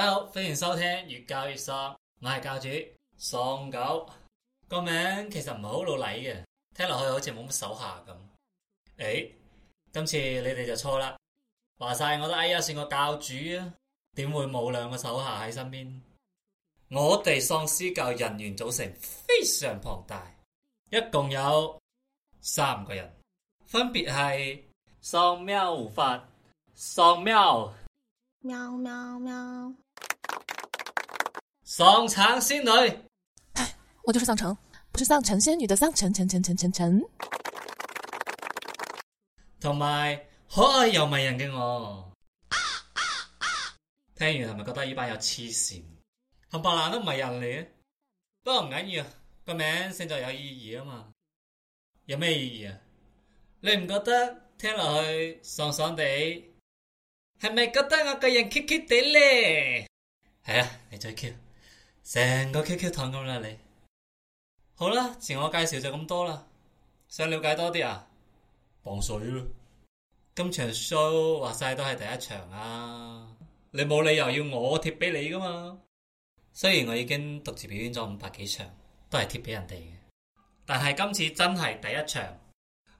大家好，歡迎收聽越教越喪，我係教主喪狗，個名其實唔係好老禮嘅，聽落去好似冇乜手下咁。誒、欸，今次你哋就錯啦，話晒我都哎呀，算個教主啊，點會冇兩個手下喺身邊？我哋喪屍教人員組成非常龐大，一共有三個人，分別係喪喵、護法、喪喵喵喵喵。爽橙仙女，哎、我就是上乘，不是上乘仙女的上乘乘乘乘乘乘，同埋可愛又迷人嘅我，啊啊、聽完係咪覺得呢班有黐線，冚唪唥都唔係人嚟嘅，不過唔緊要，個名、先至有意義啊嘛，有咩意義爽爽是是卡卡啊？你唔覺得聽落去爽爽地，係咪覺得我個人俏俏哋咧？係啊，你再俏。成個 QQ 糖咁啦，你好啦，自我介紹就咁多啦。想了解多啲啊？磅水囉。今場 show 話晒都係第一場啊，你冇理由要我貼俾你㗎嘛。雖然我已經獨自表演咗五百幾場，都係貼俾人哋嘅，但係今次真係第一場，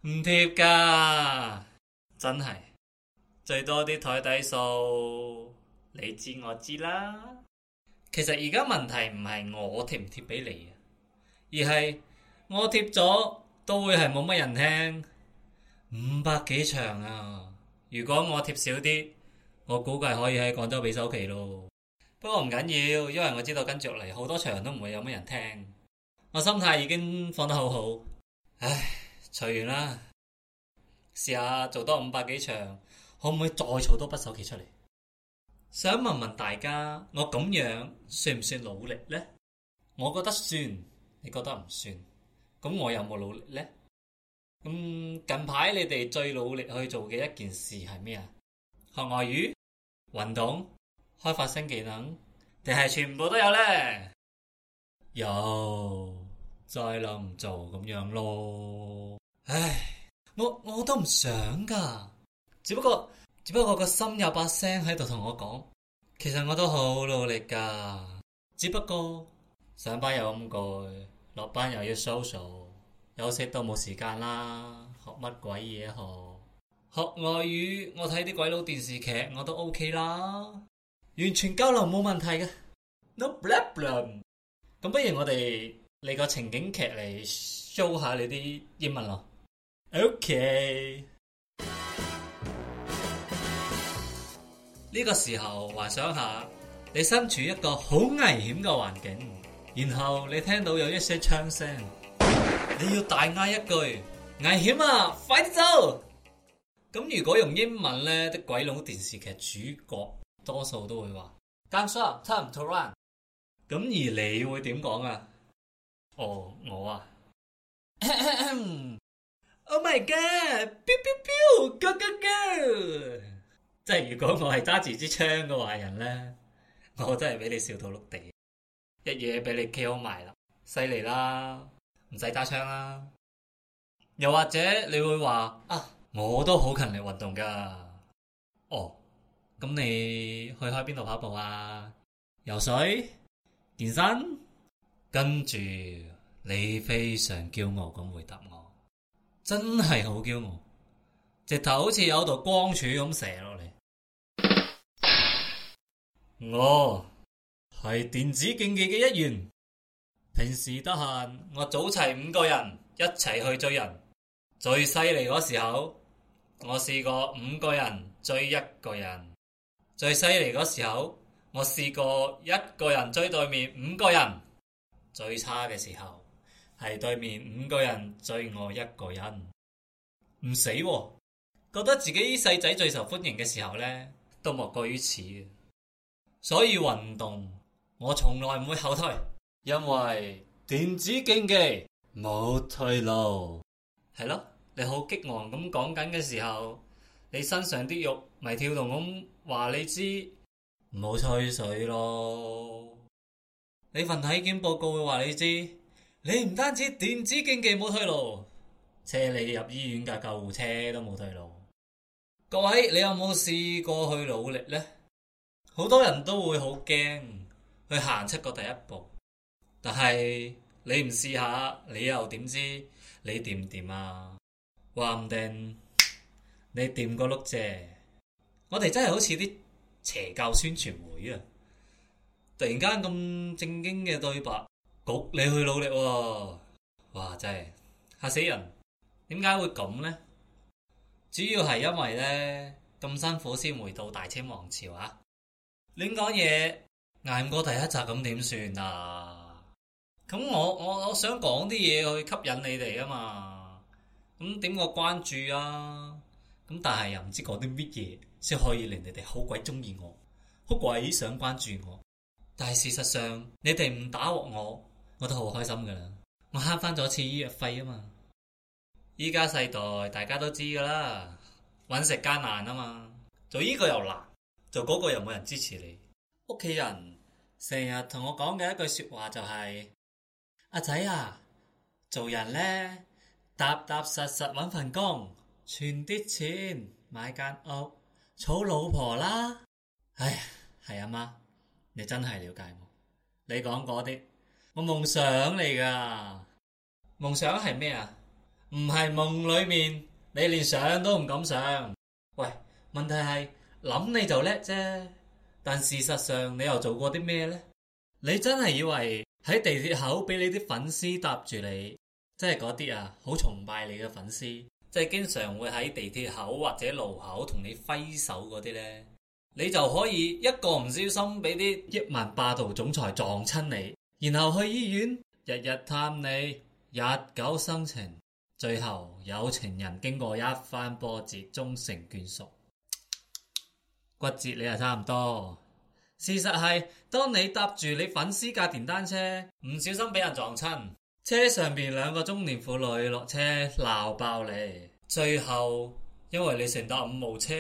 唔貼㗎，真係最多啲台底數，你知我知啦。其實而家問題唔係我貼唔貼俾你啊，而係我貼咗都會係冇乜人聽。五百幾場啊！如果我貼少啲，我估計可以喺廣州俾首期咯。不過唔緊要，因為我知道跟着嚟好多場都唔會有乜人聽。我心態已經放得好好，唉，隨緣啦。試下做多五百幾場，可唔可以再儲多筆首期出嚟？想問問大家，我咁樣算唔算努力咧？我覺得算，你覺得唔算？咁我有冇努力咧？咁近排你哋最努力去做嘅一件事係咩啊？學外語、運動、開發新技能，定係全部都有咧？有，再諗唔做咁樣咯。唉，我我都唔想噶，只不過。只不過個心有把聲喺度同我講，其實我都好努力噶。只不過上班又咁攰，落班又要 social，休息都冇時間啦。學乜鬼嘢學？學外語，我睇啲鬼佬電視劇我都 OK 啦，完全交流冇問題嘅，no problem。咁不如我哋嚟個情景劇嚟 show 下你啲英文咯。OK。呢個時候，幻想下你身處一個好危險嘅環境，然後你聽到有一些槍聲，你要大嗌一句：危險啊！快啲走！咁如果用英文咧，啲鬼佬電視劇主角多數都會話 gunshot time to run。咁而你會點講啊？哦，我啊咳咳，Oh my God！biu biu biu，哥哥哥！即係如果我係揸住支槍嘅壞人咧，我真係俾你笑到碌地，一嘢俾你 KO 埋啦，犀利啦，唔使揸槍啦。又或者你會話啊，我都好勤力運動噶。哦，咁你去開邊度跑步啊？游水、健身，跟住你非常驕傲咁回答我，真係好驕傲，直頭好似有道光柱咁射落嚟。我係電子競技嘅一員，平時得閒我組齊五個人一齊去追人。最犀利嗰時候，我試過五個人追一個人；最犀利嗰時候，我試過一個人追對面五個人。最差嘅時候係對面五個人追我一個人，唔死啊。覺得自己細仔最受歡迎嘅時候呢，都莫過於此。所以運動我從來唔會後退，因為電子競技冇退路。係咯，你好激昂咁講緊嘅時候，你身上啲肉咪跳動咁話你知，唔好吹水咯。你份體檢報告會話你知，你唔單止電子競技冇退路，車你入醫院架救護車都冇退路。各位，你有冇試過去努力呢？好多人都會好驚去行出個第一步，但係你唔試下，你又點知你掂唔掂啊？話唔定你掂個碌啫。我哋真係好似啲邪教宣傳會啊！突然間咁正經嘅對白，焗你去努力喎，啊！哇，真係嚇死人！點解會咁呢？主要係因為咧，咁辛苦先回到大清王朝啊！亂講嘢挨唔過第一集咁點算啊？咁我我我想講啲嘢去吸引你哋啊嘛。咁點個關注啊？咁但係又唔知講啲乜嘢先可以令你哋好鬼中意我，好鬼想關注我。但係事實上你哋唔打鑊我，我都好開心噶啦。我慳翻咗次醫藥費啊嘛。依家世代大家都知噶啦，揾食艱難啊嘛，做呢個又難。就嗰個又冇人支持你。屋企人成日同我講嘅一句説話就係、是：阿仔啊，做人咧踏踏實實揾份工，存啲錢買間屋，儲老婆啦。唉，係阿、啊、媽，你真係了解我。你講嗰啲，我夢想嚟噶。夢想係咩啊？唔係夢裏面，你連想都唔敢想。喂，問題係。諗你就叻啫，但事實上你又做過啲咩呢？你真係以為喺地鐵口俾你啲粉絲搭住你，即係嗰啲啊好崇拜你嘅粉絲，即係經常會喺地鐵口或者路口同你揮手嗰啲呢，你就可以一個唔小心俾啲億萬霸道總裁撞親你，然後去醫院日日探你，日久生情，最後有情人經過一番波折終成眷屬。骨折你又差唔多。事實係，當你搭住你粉絲架電單車，唔小心俾人撞親，車上邊兩個中年婦女落車鬧爆你，最後因為你乘搭五毛車，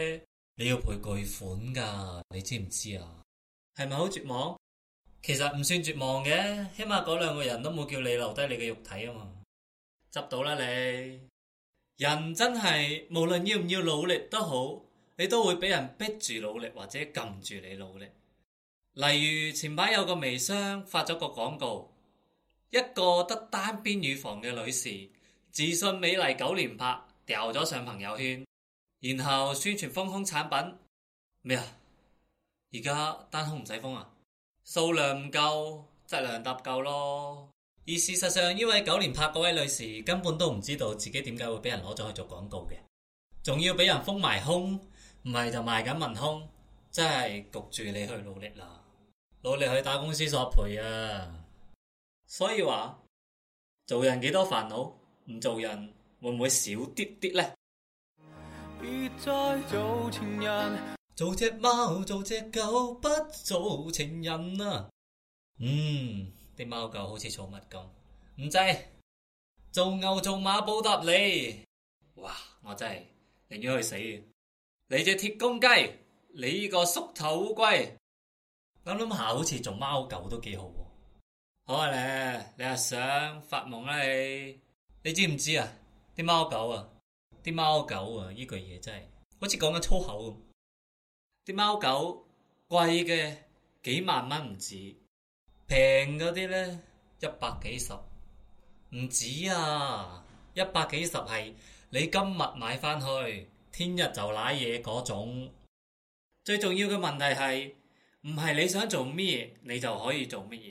你要賠巨款噶，你知唔知啊？係咪好絕望？其實唔算絕望嘅，起碼嗰兩個人都冇叫你留低你嘅肉體啊嘛。執到啦你，人真係無論要唔要努力都好。你都會俾人逼住努力，或者撳住你努力。例如前排有個微商發咗個廣告，一個得單邊乳房嘅女士，自信美麗九連拍掉咗上朋友圈，然後宣傳豐胸產品咩啊？而家單胸唔使封啊，數量唔夠，質量搭夠咯。而事實上，呢位九連拍嗰位女士根本都唔知道自己點解會俾人攞咗去做廣告嘅，仲要俾人封埋胸。唔係就賣緊文胸，真係焗住你去努力啦，努力去打公司索賠啊！所以話，做人幾多煩惱，唔做人會唔會少啲啲呢？別再做情人，嗯、做隻貓做隻狗，不做情人啊！嗯，啲貓狗好似寵物咁，唔制，做牛做馬報答你。哇！我真係寧願去死。你隻鐵公雞，你依個縮頭烏龜，諗諗下好似做貓狗都幾好。好啊，你你係想發夢啦、啊？你你知唔知啊？啲貓狗啊，啲貓狗啊，依句嘢真係好似講緊粗口咁。啲貓狗貴嘅幾萬蚊唔止，平嗰啲咧一百幾十唔止啊！一百幾十係你今日買翻去。天日就拉嘢嗰種，最重要嘅問題係唔係你想做咩，你就可以做乜嘢？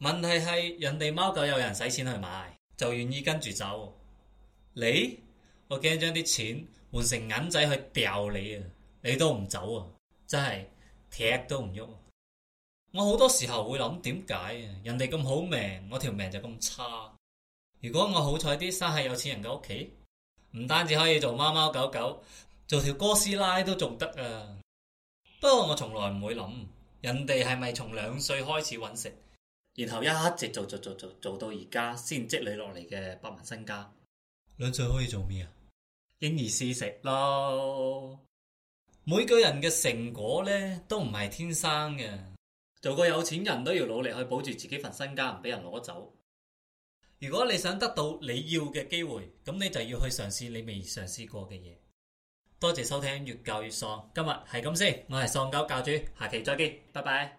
問題係人哋貓狗有人使錢去買，就願意跟住走。你？我驚將啲錢換成銀仔去掉你啊！你都唔走啊，真係踢都唔喐。我好多時候會諗點解啊？人哋咁好命，我條命就咁差。如果我好彩啲生喺有錢人嘅屋企。唔單止可以做貓貓狗狗，做條哥斯拉都仲得啊！不過我從來唔會諗，人哋係咪從兩歲開始揾食，然後一直做做做做做到而家，先積累落嚟嘅百萬身家。兩歲可以做咩啊？嬰兒試食咯。每個人嘅成果咧都唔係天生嘅，做個有錢人都要努力去保住自己份身家唔俾人攞走。如果你想得到你要嘅機會，咁你就要去嘗試你未嘗試過嘅嘢。多謝收聽，越教越喪，今日係咁先，我係喪狗教主，下期再見，拜拜。